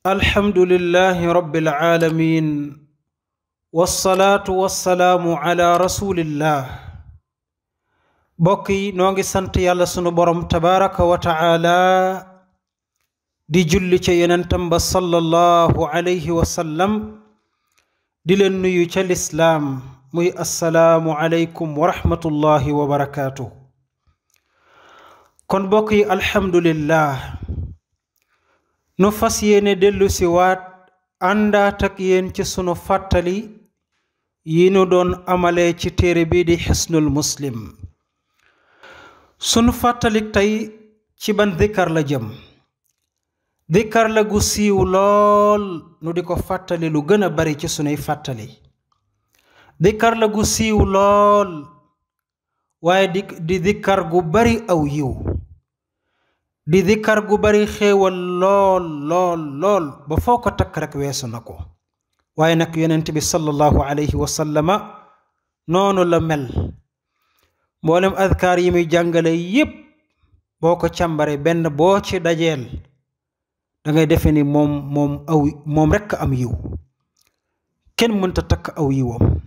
الحمد لله رب العالمين والصلاة والسلام على رسول الله bokki noo ngi sant yàlla sunu borom tabaraka wa taala di julli ca yonentam ba sallallahu alayhi wa sallam di leen nuyu ca lislaam muy assalaamu alaykum wa rahmatullahi wa barakaatu kon bokk yi alhamdulillah nu fas yéene dellu si waat àndaat yéen ci sunu fàttali yi nu doon amale ci téere bi di xisnul muslim sunu fàttalik tey ci ban dikkar la jëm dikkar la gu siiw lool nu di ko fàttali lu gën a bari ci sunuy fàttali dikkar la gu siiw lool waaye di di gu bari aw yiw di dikkar gu bari xéewal lool lool lool ba foo ko takk rek weesu na ko waaye nag yonent bi sallallahu alayhi wa sallama noonu la mel mboolem adkaar yi muy jàngale yépp boo ko càmbare benn boo ci dajeel dangay defe ni moom moom aw moom rekk am yiw kenn mënta takk aw yiwam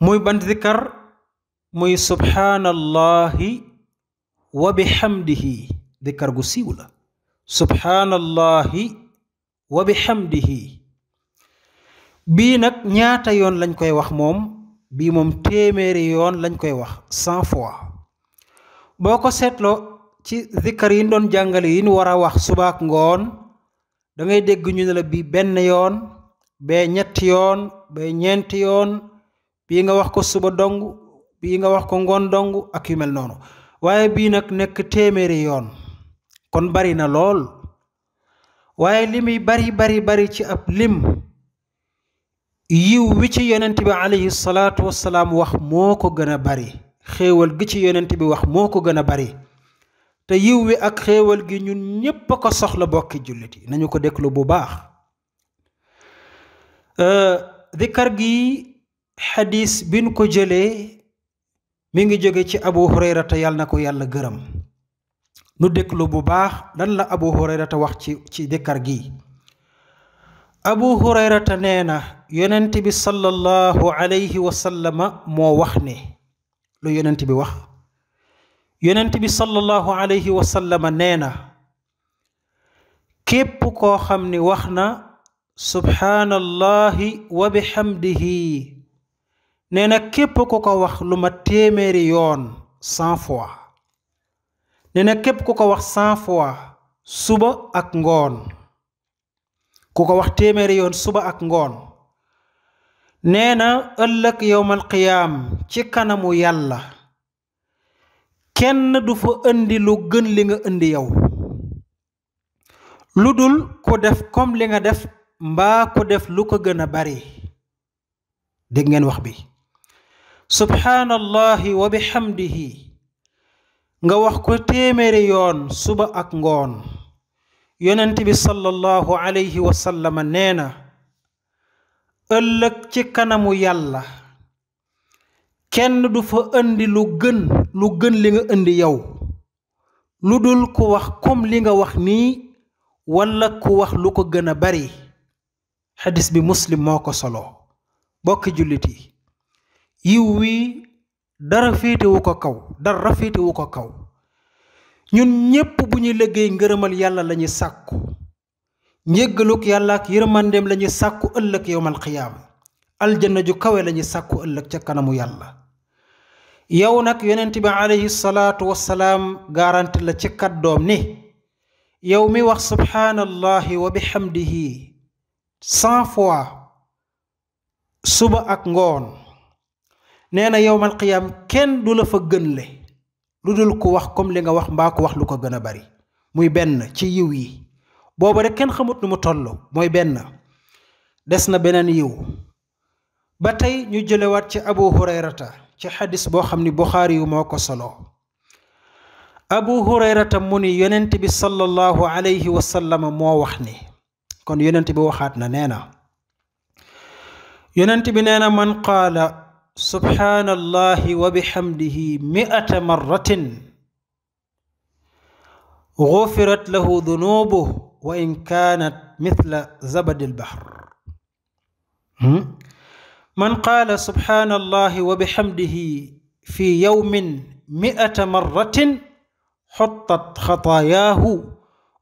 muy ban dikkar muy subhaanallahi wa bihamdihi dikkar gu siiw la subhaanallahi wa bihamdihi bii nag ñaata yoon lañ koy wax moom bii moom téeméeri yoon lañ koy wax cent fois boo ko seetloo ci zikkar yi ñu doon jàngale yi nu war a wax subaak ngoon dangay dégg ñu ne la bii benn yoon bee ñetti yoon bee ñeenti yoon bii nga wax ko suba dong bii nga wax ko ngoon dong ak yu mel noonu waaye bii nag nekk téeméeri yoon kon bari na lool waaye li muy bari bari bari ci ab lim yiw wi ci yonent bi alayhi salaatu wasalaam wax moo ko gën a bari xéewal gi moo ko gën a bari te yiw wi ak xéewal gi ñun ñépp a ko soxla bokki jullit nañu ko déglu bu baax euh, dikar gi xadiis bin ko jëlee mi ngi jóge ci abu hurayrata yàlla na ko yàlla gërëm nu déglu bu baax dan la abu hurayrata wax ci ci gi abu hurayrata nee na bi sallallahu alayhi wa moo wax ne loo yonenti bi wax yonent bi sallallahu alayhi wa sallama nee na képp koo xam ni wax na subhaanallahi wa bihamdihi nee na képp ku ko wax lu ma téeméeri yoon cent fois nee képp ku ko wax cent fois suba ak ngoon ku ko wax téeméeri yoon suba ak ngoon nee na ëllëg yowmal qiyaam ci kanamu yàlla kenn du fa indi lu gën li nga indi yow lu dul ku def comme li nga def mbaa ku def lu ko gën a bari dégg ngeen wax subhaanallahi wa bihamdihi nga wax ko téeméeri yoon suba ak ngoon yonent bi sallallahu alayhi wa nee na ëllëg ci kanamu yàlla kenn du fa indi lu gën lu gën li nga indi yow lu dul ku wax comme li nga wax nii walla ku wax lu ko gën a bari xadis bi muslim moo ko solo bokki jullit yi yiw wi dara féetewu ko kaw dara féetewu ko kaw ñun ñépp bu ñuy liggéey ngërëmal yàlla lañuy sàkku njéggaluk yàlla ak yërmandeem lañuy sàkku ëllëg yowmal xiyaama aljanna ju kawe lañuy sàkku ëllëg ca kanamu yàlla yow nag yonent bi alayhi salaatu wassalaam garanti la ci kàddoom ni yow mi wax subhaanallahi wa bihamdihi cent fois suba ak ngoon nee na yowmal qiyaam kenn du la fa gënle lu dul ku wax comme li nga wax mbaa ku wax lu ko gën a bari muy benn ci yiw yi boobu rek kenn xamut nu mu toll mooy benn des na beneen yiw ba tey ñu jëlewaat ci abu hurayrata ci xadis boo xam ni buxaari solo abu hurayrata muni ni yonent bi sallallahu alayhi wa sallam moo wax ni kon yonent bi waxaat na nee yonent bi nee man qaala سبحان الله وبحمده مئة مرة غفرت له ذنوبه وإن كانت مثل زبد البحر من قال سبحان الله وبحمده في يوم مئة مرة حطت خطاياه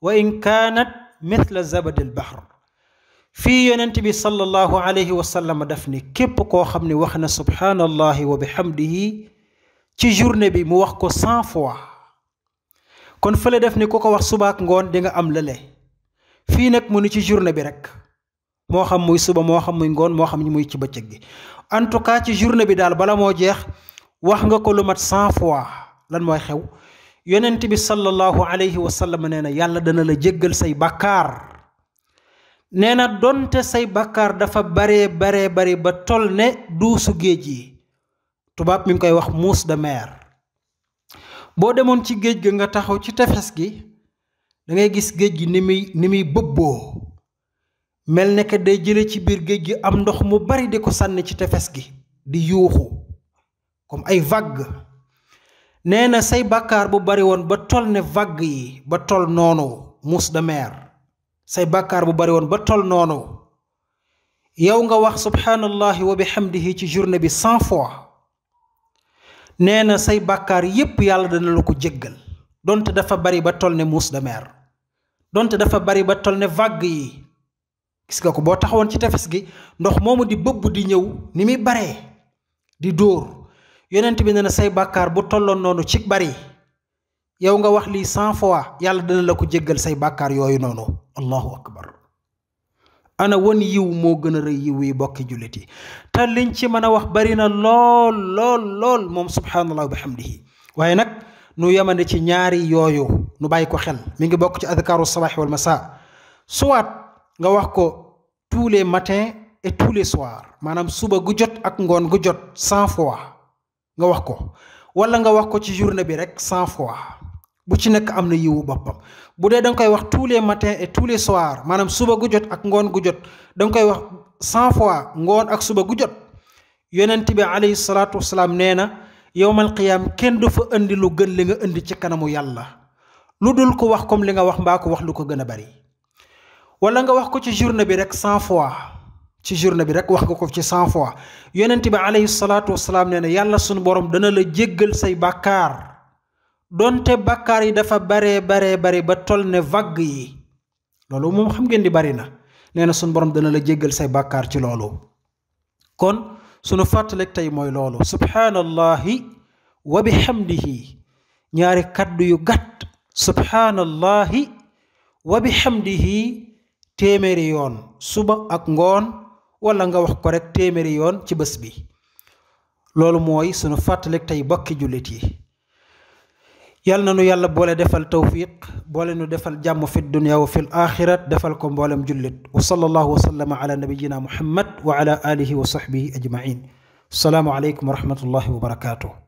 وإن كانت مثل زبد البحر fii yonent bi sallallahu alayhi wa sallam daf ni képp koo xam ni wax na subhanallahi wa bihamdihi ci journée bi mu wax ko cent fois kon fële def ni ku ko wax subaak ngoon di nga am lële fii nag mu ni ci journée bi rek moo xam muy suba moo xam muy ngoon moo xam ni muy ci bëccëg gi en tout cas ci journée bi daal bala moo jeex wax nga ko lu mat cent fois lan mooy xew yonent bi sallallahu alayhi wa sallam nee na yàlla dana la jéggal say bàkkaar nee na donte say bàkkaar dafa baree baree bari ba toll ne duusu géej yi tubaab mu ngi koy wax muus de mer boo demoon ci géej gi nga taxaw ci tefes gi dangay gis géej gi ni muy ni muy bëbboo mel ne que day jële ci biir géej gi am ndox mu bari di ko sànni ci tefes gi di yuuxu comme ay vagg nee na say bàkkaar bu bari woon ba toll ne vague yi ba toll noonu muus de mer say bàkkaar bu bari woon ba tol noonu yow nga wax subhaanallahi wa bihamdihi ci journée bi cent fois nee na say bàkkaar yépp yàlla dana lu ko jéggal dont dafa bari ba tol ne mousse de mer donte dafa bari ba tol ne vague yi gis nga ko boo taxawoon ci tefes gi ndox moomu di bëbb di ñëw ni muy baree di dóor yonent bi ne na say bàkkaar bu tolloon noonu ci bari yow nga wax lii cent fois yàlla dana la ko jéggal say bàkkaar yooyu noonu allahu akbar ana wan yiw moo gën a rëy yiw yi bokki jullit yi te liñ ci mën a wax bari na lool lool lool moom subhaanallah wa bihamdihi waaye nag nu yemande ci ñaari yooyu nu bàyyi ko xel mi ngi bokk ci adkaaru sabaax wal masa soit nga wax ko tous les matins et tous les soir maanaam suba gu jot ak ngoon gu jot cent fois nga wax ko wala nga wax ko ci journée bi rek cent fois bu ci nekk am na yiwu boppam bu dee da nga koy wax tous les matins et tous les soirs maanaam suba gu jot ak ngoon gu jot danga koy wax cent fois ngoon ak suba gu jot yonent bi alayhi salaatu wasalaam nee na yowmal qiyaam kenn du fa indi lu gën li indi ci kanamu yàlla lu dul ko wax comme li nga wax mbaa ko wax lu ko gën a bari wala nga wax ko ci journée bi rek cent ci journée bi rek wax nga ko ci cent fois yonent bi alayhi salaatu wasalaam nee na yàlla sunu borom dana la jéggal say baakaar donte bàkkaar yi dafa bare baree bari ba tol ne vagg yi loolu moom xam ngeen di bari na nee na sunu borom dana la jéggal say bàkkaar ci loolu kon sunu fàttalik tey mooy loolu subhaanallahi wa bihamdihi ñaari kàddu yu gàtt subhaanallahi wa bihamdihi téeméeri yoon suba ak ngoon wala nga wax ko rek téeméeri yoon ci bés bi loolu mooy sunu fàttalik tey bokki jullit yi yal na nu yàlla boole defal tawfiq boole nu defal jàmm fi dunya wa fi axirat defal ko mboolem jullit wa sallallahu wa sallama ala nabiyina muhammad wa ala alihi wa sahbihi ajmain salaamu aleykum wa rahmatullahi wa barakaatuh